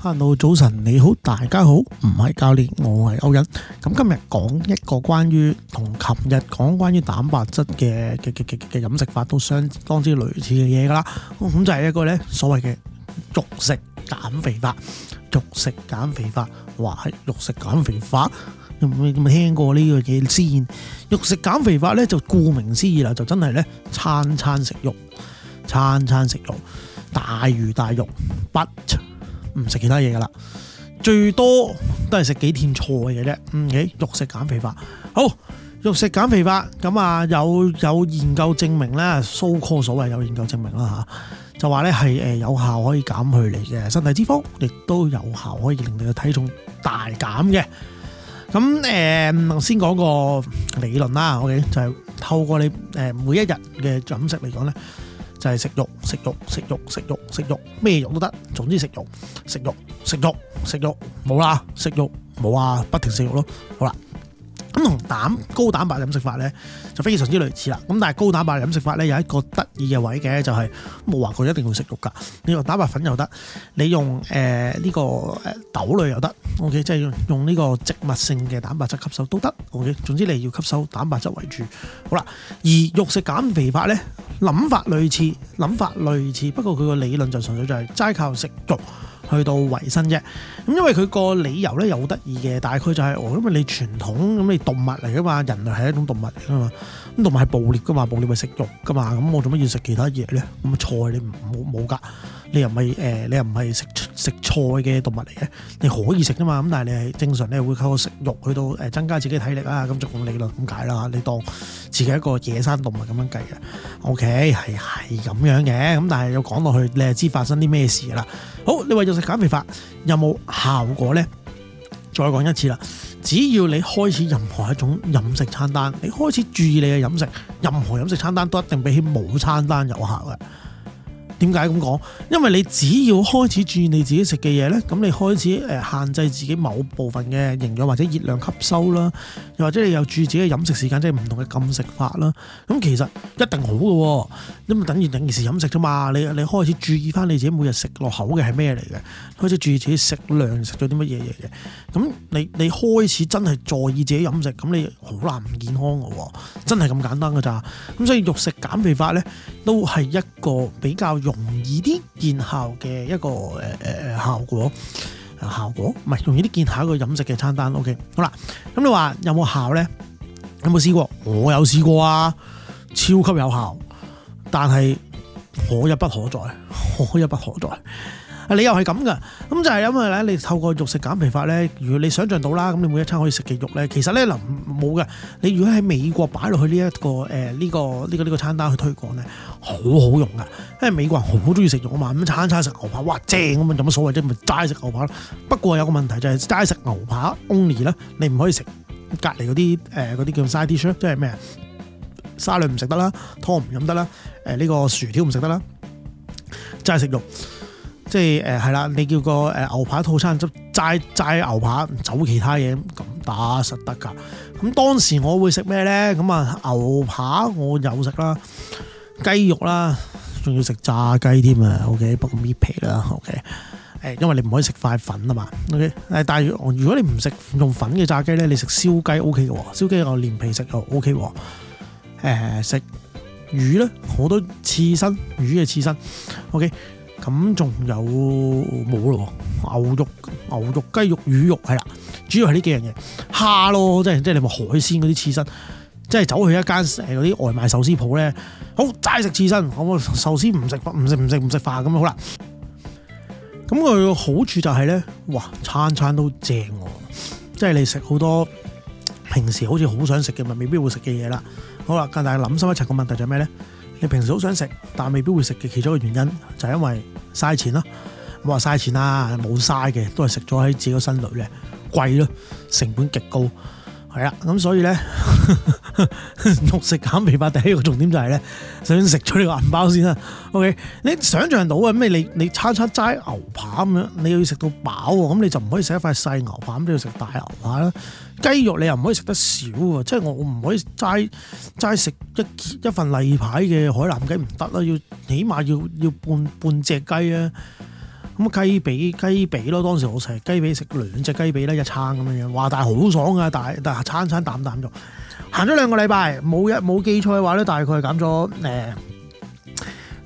hello，早晨，你好，大家好，唔係教練，我係歐欣。咁今日講一個關於同琴日講關於蛋白質嘅嘅嘅嘅嘅飲食法都相當之類似嘅嘢噶啦，咁就係、是、一個呢所謂嘅肉食減肥法，肉食減肥法，話係肉食減肥法，你有冇聽過呢個嘢先？肉食減肥法呢，就顧名思義啦，就真係呢餐餐食肉，餐餐食肉，大魚大肉，but 唔食其他嘢噶啦，最多都係食幾片菜嘅啫。嗯，咦肉食減肥法，好肉食減肥法，咁啊有有研究證明啦，so call 所謂有研究證明啦吓，就話咧係誒有效可以減去你嘅身體脂肪，亦都有效可以令你嘅體重大減嘅。咁誒、呃、先講個理論啦，OK，就係透過你誒每一日嘅飲食嚟講咧。就係食肉食肉食肉食肉食肉，咩肉都得，總之食肉食肉食肉食肉，冇啦食肉冇啦，不停食肉咯，好啦。蛋高蛋白飲食法呢就非常之類似啦，咁但係高蛋白飲食法呢有一個得意嘅位嘅就係冇話佢一定會食肉㗎，你用蛋白粉又得，你用呢、呃這個誒豆類又得，O K 即係用用呢個植物性嘅蛋白質吸收都得，O K 總之你要吸收蛋白質為主，好啦，而肉食減肥法呢，諗法類似，諗法類似，不過佢個理論就純粹就係齋靠食肉。去到維生啫，咁因為佢個理由咧又好得意嘅，大概就係、是、哦，因為你傳統咁，你動物嚟噶嘛，人類係一種動物嚟噶嘛，咁動物係捕獵噶嘛，捕獵咪食肉噶嘛，咁我做乜要食其他嘢咧？咁菜你唔冇冇噶。你又唔係誒？你又唔係食食,食菜嘅動物嚟嘅，你可以食㗎嘛？咁但係你係正常，你會靠食肉去到誒、呃、增加自己體力啊，咁逐理論咁解啦你當自己一個野生動物咁樣計嘅，OK 係係咁樣嘅。咁但係又講落去，你係知發生啲咩事啦。好，你話肉食減肥法有冇效果咧？再講一次啦，只要你開始任何一種飲食餐單，你開始注意你嘅飲食，任何飲食餐單都一定比起冇餐單有效嘅。點解咁講？因為你只要開始注意你自己食嘅嘢咧，咁你開始誒限制自己某部分嘅營養或者熱量吸收啦，又或者你又注意自己嘅飲食時間，即係唔同嘅禁食法啦。咁其實一定好㗎，因為等於定時飲食啫嘛。你你開始注意翻你自己每日食落口嘅係咩嚟嘅，開始注意自己食量、食咗啲乜嘢嘢嘅。咁你你開始真係在意自己飲食，咁你好難唔健康㗎喎，真係咁簡單㗎咋。咁所以肉食減肥法呢，都係一個比較容易啲見效嘅一個誒誒誒效果，效果唔係容易啲見效一個飲食嘅餐單。OK，好啦，咁你話有冇效咧？有冇試過？我有試過啊，超級有效，但係可一不可再，可一不可再。你又係咁噶，咁就係、是、因為咧，你透過肉食減肥法咧，如果你想像到啦，咁你每一餐可以食嘅肉咧，其實咧，嗱，冇嘅。你如果喺美國擺落去呢、這、一個誒呢、呃這個呢、這個呢、這個餐單去推廣咧，好好用噶，因為美國人好中意食肉啊嘛。咁、嗯、餐餐食牛扒，哇正咁啊，有乜所謂啫？咪齋食牛扒啦。不過有個問題就係齋食牛扒 only 啦，你唔可以食隔離嗰啲誒嗰啲叫 side dish 啦，即係咩沙律唔食得啦，湯唔飲得啦，誒、呃、呢、這個薯條唔食得啦，齋食肉。即係誒，係、呃、啦，你叫個誒、呃、牛扒套餐汁，執齋齋牛扒，走其他嘢咁打實得噶。咁當時我會食咩咧？咁啊，牛扒我有食啦，雞肉啦，仲要食炸雞添啊。O K，不過搣皮啦。O K，誒，因為你唔可以食塊粉啊嘛。O、OK? K，、呃、但係如果你唔食用粉嘅炸雞咧，你食燒雞 O K 嘅，燒雞我連皮食又 O K。誒、OK，食、呃、魚咧，好多刺身，魚嘅刺身。O K。咁仲有冇咯？牛肉、牛肉、雞肉、魚肉，係啦，主要係呢幾樣嘢。蝦咯，即係即係你咪海鮮嗰啲刺身，即係走去一間誒嗰啲外賣壽司鋪咧，好齋食刺身，好唔可壽司唔食，唔食唔食唔食飯咁樣好啦。咁佢嘅好處就係、是、咧，哇，餐餐都正喎、啊，即係你食好多平時好似好想食嘅咪未必會食嘅嘢啦。好啦，但大家諗深一層，個問題就係咩咧？你平時好想食，但未必會食嘅其中一個原因就係因為嘥錢咯。我話嘥錢啦，冇嘥嘅，都係食咗喺自己個身裏嘅貴咯，成本極高。係啊，咁所以咧，肉食減肥法第一個重點就係咧，首先食咗呢個銀包先啦。OK，你想象到啊，咩你你餐餐齋牛扒咁樣，你要食到飽喎，咁你就唔可以食一塊細牛扒，咁你要食大牛扒啦。雞肉你又唔可以食得少喎，即係我我唔可以齋齋食一一份例牌嘅海南雞唔得啦，要起碼要要半半隻雞啊。咁雞髀雞髀咯，當時我成日食雞髀，食兩隻雞髀咧，一餐咁樣樣，哇！但係好爽㗎！但係但係餐餐啖啖咗，行咗兩個禮拜，冇一冇記錯嘅話咧，大概減咗誒，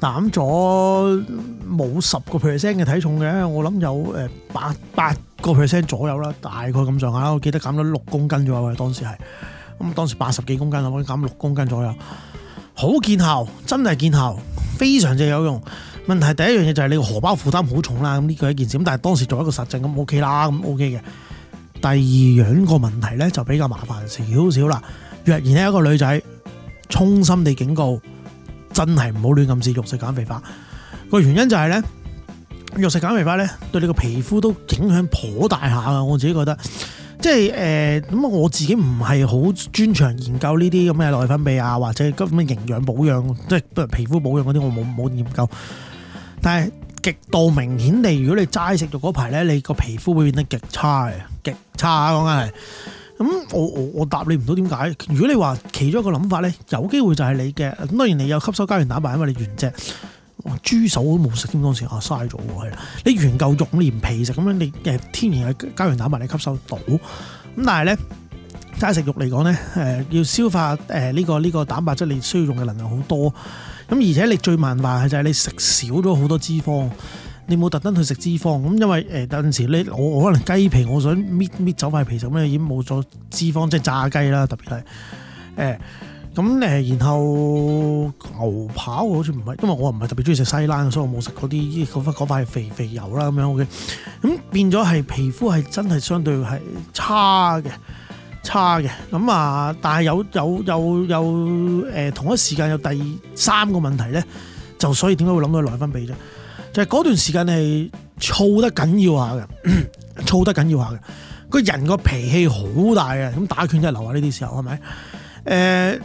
減咗冇十個 percent 嘅體重嘅，我諗有誒八八個 percent 左右啦，大概咁上下啦。我記得減咗六公斤左右，當時係，咁當時八十幾公斤啊，我減六公斤左右，好見效，真係見效，非常之有用。問題第一樣嘢就係你個荷包負擔好重啦，咁呢個係一件事。咁但係當時做一個實證咁 OK 啦，咁 OK 嘅。第二樣個問題咧就比較麻煩少少啦。若然咧一個女仔衷心地警告，真係唔好亂咁試肉食減肥法。個原因就係咧，肉食減肥法咧對你個皮膚都影響頗大下啊！我自己覺得，即係誒咁我自己唔係好專長研究呢啲咁嘅內分泌啊，或者咁嘅營養保養，即係譬如皮膚保養嗰啲，我冇冇研究。但係極度明顯地，如果你齋食肉嗰排咧，你個皮膚會變得極差嘅，極差講緊係。咁我我我答你唔到點解？如果你話其中一個諗法咧，有機會就係你嘅，當然你有吸收膠原蛋白因為你原隻豬手都冇食添當時，啊嘥咗喎你原嚿肉你連皮食咁樣，你嘅天然嘅膠原蛋白你吸收到。咁但係咧齋食肉嚟講咧，呃要消化呢、呃呢個呢、呢個蛋白質，你需要用嘅能量好多。咁而且你最慢話係就係你食少咗好多脂肪，你冇特登去食脂肪。咁因為誒有陣時你我，我可能雞皮，我想搣搣走塊皮，就咩已經冇咗脂肪，即係炸雞啦，特別係咁、欸、然後牛扒我好似唔係，因為我唔係特別中意食西冷，所以我冇食嗰啲嗰塊肥肥油啦咁樣。OK，咁變咗係皮膚係真係相對係差嘅。差嘅咁啊！但係有有有有誒、呃、同一時間有第三個問題咧，就所以點解會諗到內分泌啫？就係嗰段時間係燥得緊要下嘅，燥得緊要下嘅個人個脾氣好大嘅，咁打拳就係留下呢啲時候係咪？誒，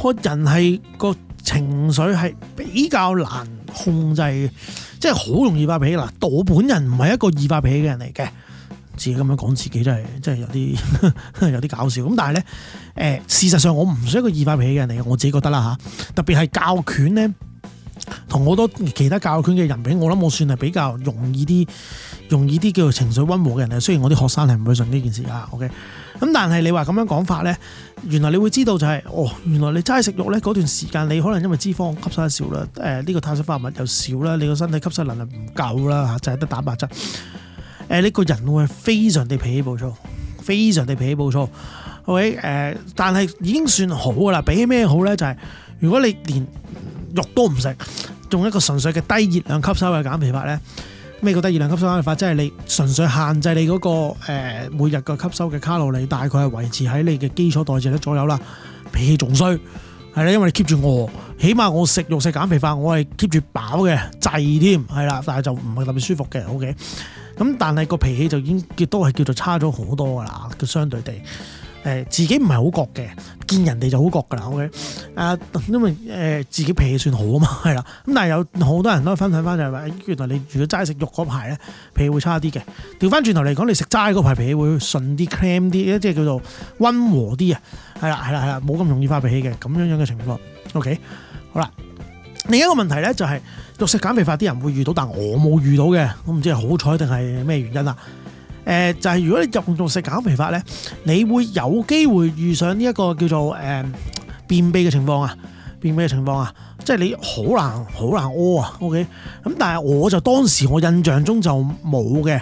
個、呃、人係個情緒係比較難控制嘅，即係好容易發脾氣嗱。我本人唔係一個易發脾氣嘅人嚟嘅。自己咁樣講自己真係真係有啲有啲搞笑咁，但係咧誒，事實上我唔算一個易發脾氣嘅人嚟嘅，我自己覺得啦嚇。特別係教拳咧，同好多其他教拳嘅人比，我諗我算係比較容易啲、容易啲叫做情緒溫和嘅人嚟。雖然我啲學生係唔會信呢件事嚇，OK。咁但係你話咁樣講法咧，原來你會知道就係、是、哦，原來你齋食肉咧嗰段時間，你可能因為脂肪吸收得少啦，誒、呃、呢、這個碳水化合物又少啦，你個身體吸收能力唔夠啦嚇，就係得蛋白質。誒、呃，你個人會非常地脾氣暴躁，非常地脾氣暴躁。O K，誒，但係已經算好噶啦。比起咩好咧？就係、是、如果你連肉都唔食，用一個純粹嘅低熱量吸收嘅減肥法咧，咩叫低熱量吸收嘅減肥法？即係你純粹限制你嗰、那個、呃、每日嘅吸收嘅卡路里，大概係維持喺你嘅基礎代謝率左右啦。脾氣仲衰係啦，因為你 keep 住餓，起碼我食肉食減肥法，我係 keep 住飽嘅滯添，係啦，但係就唔係特別舒服嘅。O K。咁但係個脾氣就已經亦都係叫做差咗好多噶啦，叫相對地，誒、呃、自己唔係好覺嘅，見人哋就好覺噶啦。O K，誒因為誒、呃、自己脾氣算好啊嘛，係啦。咁但係有好多人都分享翻就係、是、話、呃，原來你如果齋食肉嗰排咧，脾氣會差啲嘅。調翻轉頭嚟講，你食齋嗰排脾氣會順啲、calm 啲，即係叫做温和啲啊。係啦，係啦，係啦，冇咁容易發脾氣嘅咁樣樣嘅情況。O、okay? K，好啦。另一個問題咧，就是，就係肉食減肥法啲人會遇到，但我冇遇到嘅，我唔知係好彩定係咩原因啦。誒、呃，就係、是、如果你入用肉食減肥法咧，你會有機會遇上呢一個叫做誒便秘嘅情況啊，便秘嘅情況啊，即係你好難好難屙啊。OK，咁但係我就當時我印象中就冇嘅。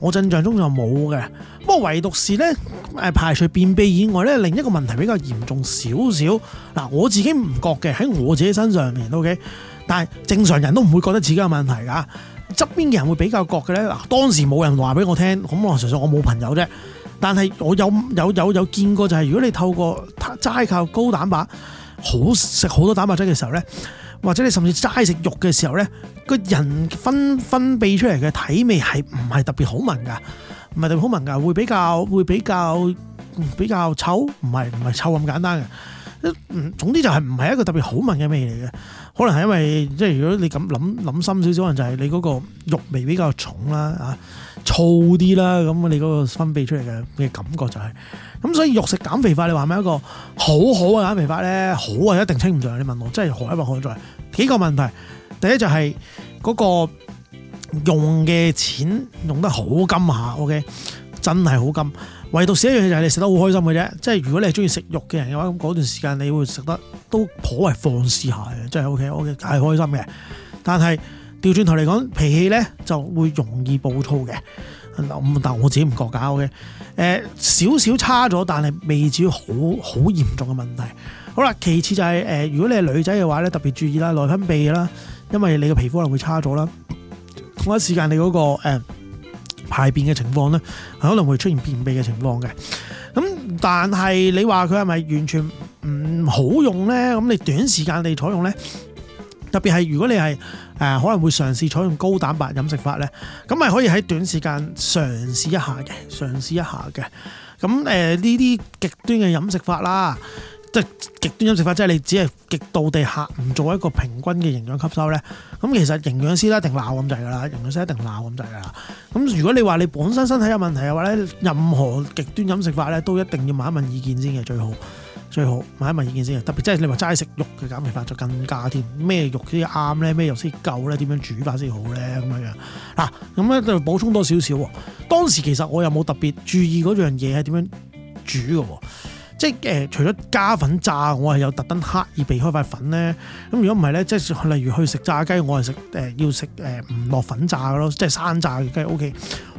我印象中就冇嘅，不過唯獨是呢，排除便秘以外呢，另一個問題比較嚴重少少。嗱，我自己唔覺嘅喺我自己身上面，O K，但係正常人都唔會覺得自己有問題噶。側邊嘅人會比較覺嘅呢，嗱，當時冇人話俾我聽，咁我純粹我冇朋友啫。但係我有有有有見過，就係如果你透過齋靠高蛋白，好食好多蛋白質嘅時候呢。或者你甚至齋食肉嘅時候咧，個人分分泌出嚟嘅體味係唔係特別好聞㗎？唔係特別好聞㗎，會比較會比較比較臭，唔係唔係臭咁簡單嘅。總之就係唔係一個特別好聞嘅味嚟嘅。可能係因為即係如果你咁諗諗深少少，可能就係你嗰個肉味比較重啦，啊，燥啲啦，咁你嗰個分泌出嚟嘅嘅感覺就係、是、咁，所以肉食減肥法你話係咪一個好好嘅減肥法咧？好啊，一定稱唔上。你問我，真係好一問好在幾個問題。第一就係嗰個用嘅錢用得好金下，OK，真係好金。唯獨少一樣嘢就係你食得好開心嘅啫，即係如果你係中意食肉嘅人嘅話，咁嗰段時間你會食得都頗為放肆下嘅，真係 O K O K，係開心嘅。但係調轉頭嚟講，脾氣咧就會容易暴躁嘅。咁但係我自己唔覺噶，OK，誒、呃、少少差咗，但係未至於好好嚴重嘅問題。好啦，其次就係、是、誒、呃，如果你係女仔嘅話咧，特別注意啦，內分泌啦，因為你嘅皮膚可能會差咗啦。同一時間你嗰、那個誒。嗯排便嘅情況呢，可能會出現便秘嘅情況嘅。咁但係你話佢係咪完全唔好用呢？咁你短時間地採用呢，特別係如果你係誒、呃、可能會嘗試採用高蛋白飲食法呢，咁咪可以喺短時間嘗試一下嘅，嘗試一下嘅。咁誒呢啲極端嘅飲食法啦。極端飲食法即係你只係極度地吓，唔做一個平均嘅營養吸收咧，咁其實營養師一定鬧咁就係噶啦營養師一定鬧咁就係噶啦咁如果你話你本身身體有問題嘅話咧，任何極端飲食法咧都一定要問一問意見先嘅，最好，最好問一問意見先嘅。特別即係你話齋食肉嘅減肥法就更加添，咩肉先啱咧？咩肉先夠咧？點樣煮法先好咧？咁樣樣。嗱，咁咧就補充多少少。當時其實我又冇特別注意嗰樣嘢係點樣煮嘅。即係誒、呃，除咗加粉炸，我係有特登刻意避開塊粉咧。咁如果唔係咧，即係例如去食炸雞，我係食誒要食誒唔落粉炸咯，即係生炸嘅雞 OK。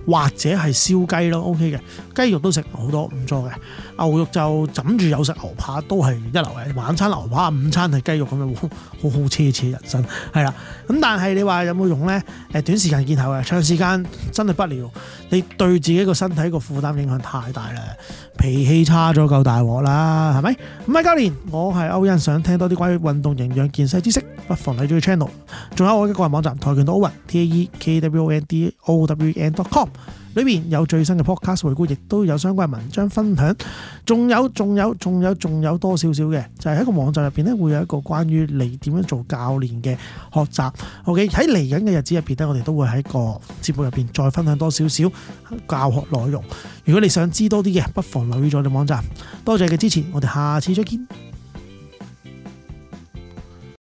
或者係燒雞咯，OK 嘅雞肉都食好多唔錯嘅。牛肉就枕住有食牛扒都係一流嘅晚餐牛扒，午餐係雞肉咁樣，好好奢侈人生係啦。咁但係你話有冇用咧？誒短時間見效嘅，長時間真係不了。你對自己個身體個負擔影響太大啦，脾氣差咗夠大鑊啦，係咪？唔係教練，我係歐恩，想聽多啲關於運動營養健身知識，不妨睇住個 channel，仲有我嘅個人的網站跆拳道歐恩 T A E K O W N D O W N dot com。裏面有最新嘅 podcast 回顧，亦都有相關文章分享，仲有仲有仲有仲有多少少嘅，就係、是、喺個網站入邊咧，會有一個關於你點樣做教練嘅學習。O.K. 喺嚟緊嘅日子入邊咧，我哋都會喺個節目入邊再分享多少少教學內容。如果你想知多啲嘅，不妨留意咗你網站。多謝你嘅支持，我哋下次再見。